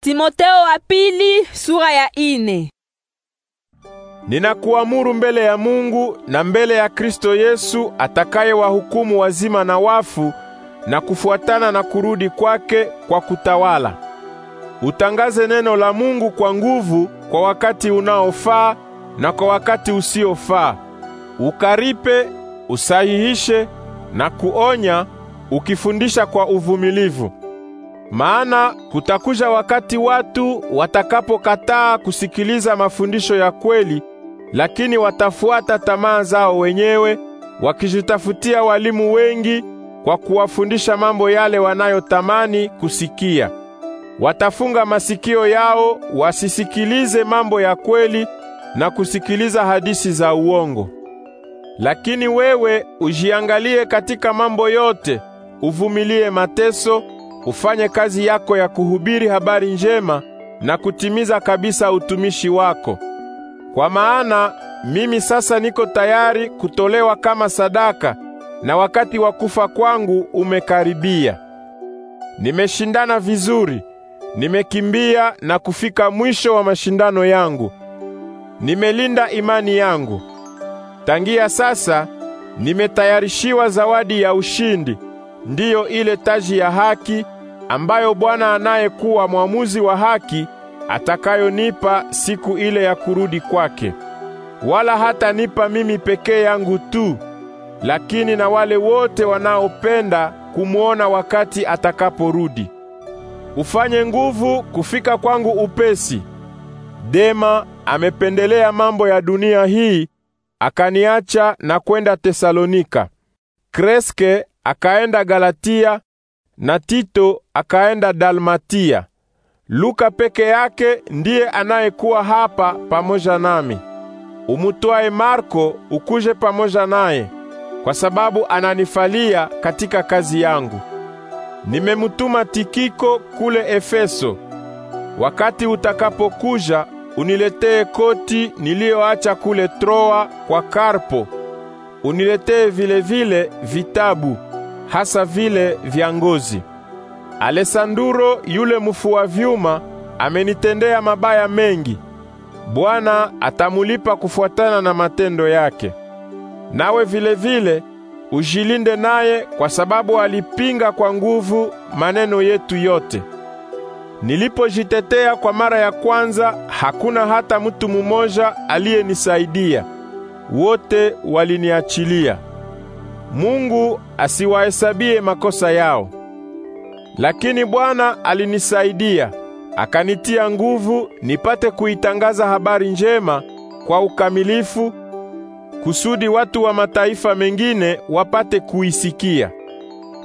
Timoteo wa pili, sura ya ine. Ninakuamuru mbele ya Mungu na mbele ya Kristo Yesu atakayewahukumu wazima na wafu na kufuatana na kurudi kwake kwa kutawala. Utangaze neno la Mungu kwa nguvu kwa wakati unaofaa na kwa wakati usiofaa. Ukaripe, usahihishe na kuonya ukifundisha kwa uvumilivu. Maana kutakuja wakati watu watakapokataa kusikiliza mafundisho ya kweli, lakini watafuata tamaa zao wenyewe, wakijitafutia walimu wengi kwa kuwafundisha mambo yale wanayotamani kusikia. Watafunga masikio yao wasisikilize mambo ya kweli na kusikiliza hadisi za uongo. Lakini wewe ujiangalie katika mambo yote, uvumilie mateso ufanye kazi yako ya kuhubiri habari njema na kutimiza kabisa utumishi wako. Kwa maana mimi sasa niko tayari kutolewa kama sadaka na wakati wa kufa kwangu umekaribia. Nimeshindana vizuri, nimekimbia na kufika mwisho wa mashindano yangu. Nimelinda imani yangu. Tangia sasa nimetayarishiwa zawadi ya ushindi, ndiyo ile taji ya haki ambayo Bwana anayekuwa mwamuzi wa haki atakayonipa siku ile ya kurudi kwake. Wala hata nipa mimi pekee yangu tu, lakini na wale wote wanaopenda kumwona wakati atakaporudi. Ufanye nguvu kufika kwangu upesi. Dema amependelea mambo ya dunia hii akaniacha na kwenda Tesalonika. Kreske akaenda Galatia na Tito akaenda Dalmatia. Luka peke yake ndiye anayekuwa hapa pamoja nami. Umutwae Marko ukuje pamoja naye, kwa sababu ananifalia katika kazi yangu. Nimemutuma Tikiko kule Efeso. Wakati utakapokuja uniletee koti niliyoacha kule Troa kwa Karpo. Uniletee vile vile vitabu hasa vile vya ngozi. Alesanduro yule wa vyuma amenitendea mabaya mengi. Bwana atamulipa kufuatana na matendo yake. Nawe vile vile ujilinde naye, kwa sababu alipinga kwa nguvu maneno yetu yote. Nilipojitetea kwa mara ya kwanza, hakuna hata mtu mmoja aliyenisaidia, wote waliniachilia. Mungu asiwahesabie makosa yao. Lakini Bwana alinisaidia, akanitia nguvu nipate kuitangaza habari njema kwa ukamilifu kusudi watu wa mataifa mengine wapate kuisikia.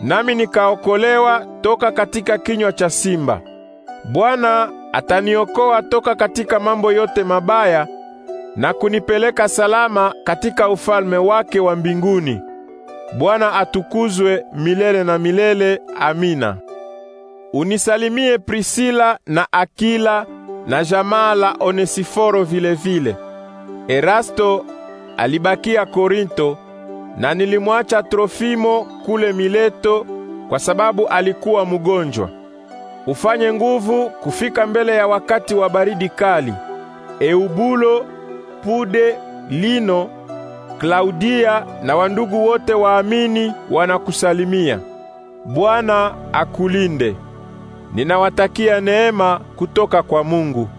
Nami nikaokolewa toka katika kinywa cha simba. Bwana ataniokoa toka katika mambo yote mabaya na kunipeleka salama katika ufalme wake wa mbinguni. Bwana atukuzwe milele na milele. Amina. Unisalimie Prisila na Akila na jamaa la Onesiforo vilevile. Erasto alibakia Korinto na nilimwacha Trofimo kule Mileto kwa sababu alikuwa mgonjwa. Ufanye nguvu kufika mbele ya wakati wa baridi kali. Eubulo, Pude, Lino Klaudia na wandugu wote waamini wanakusalimia. Bwana akulinde. Ninawatakia neema kutoka kwa Mungu.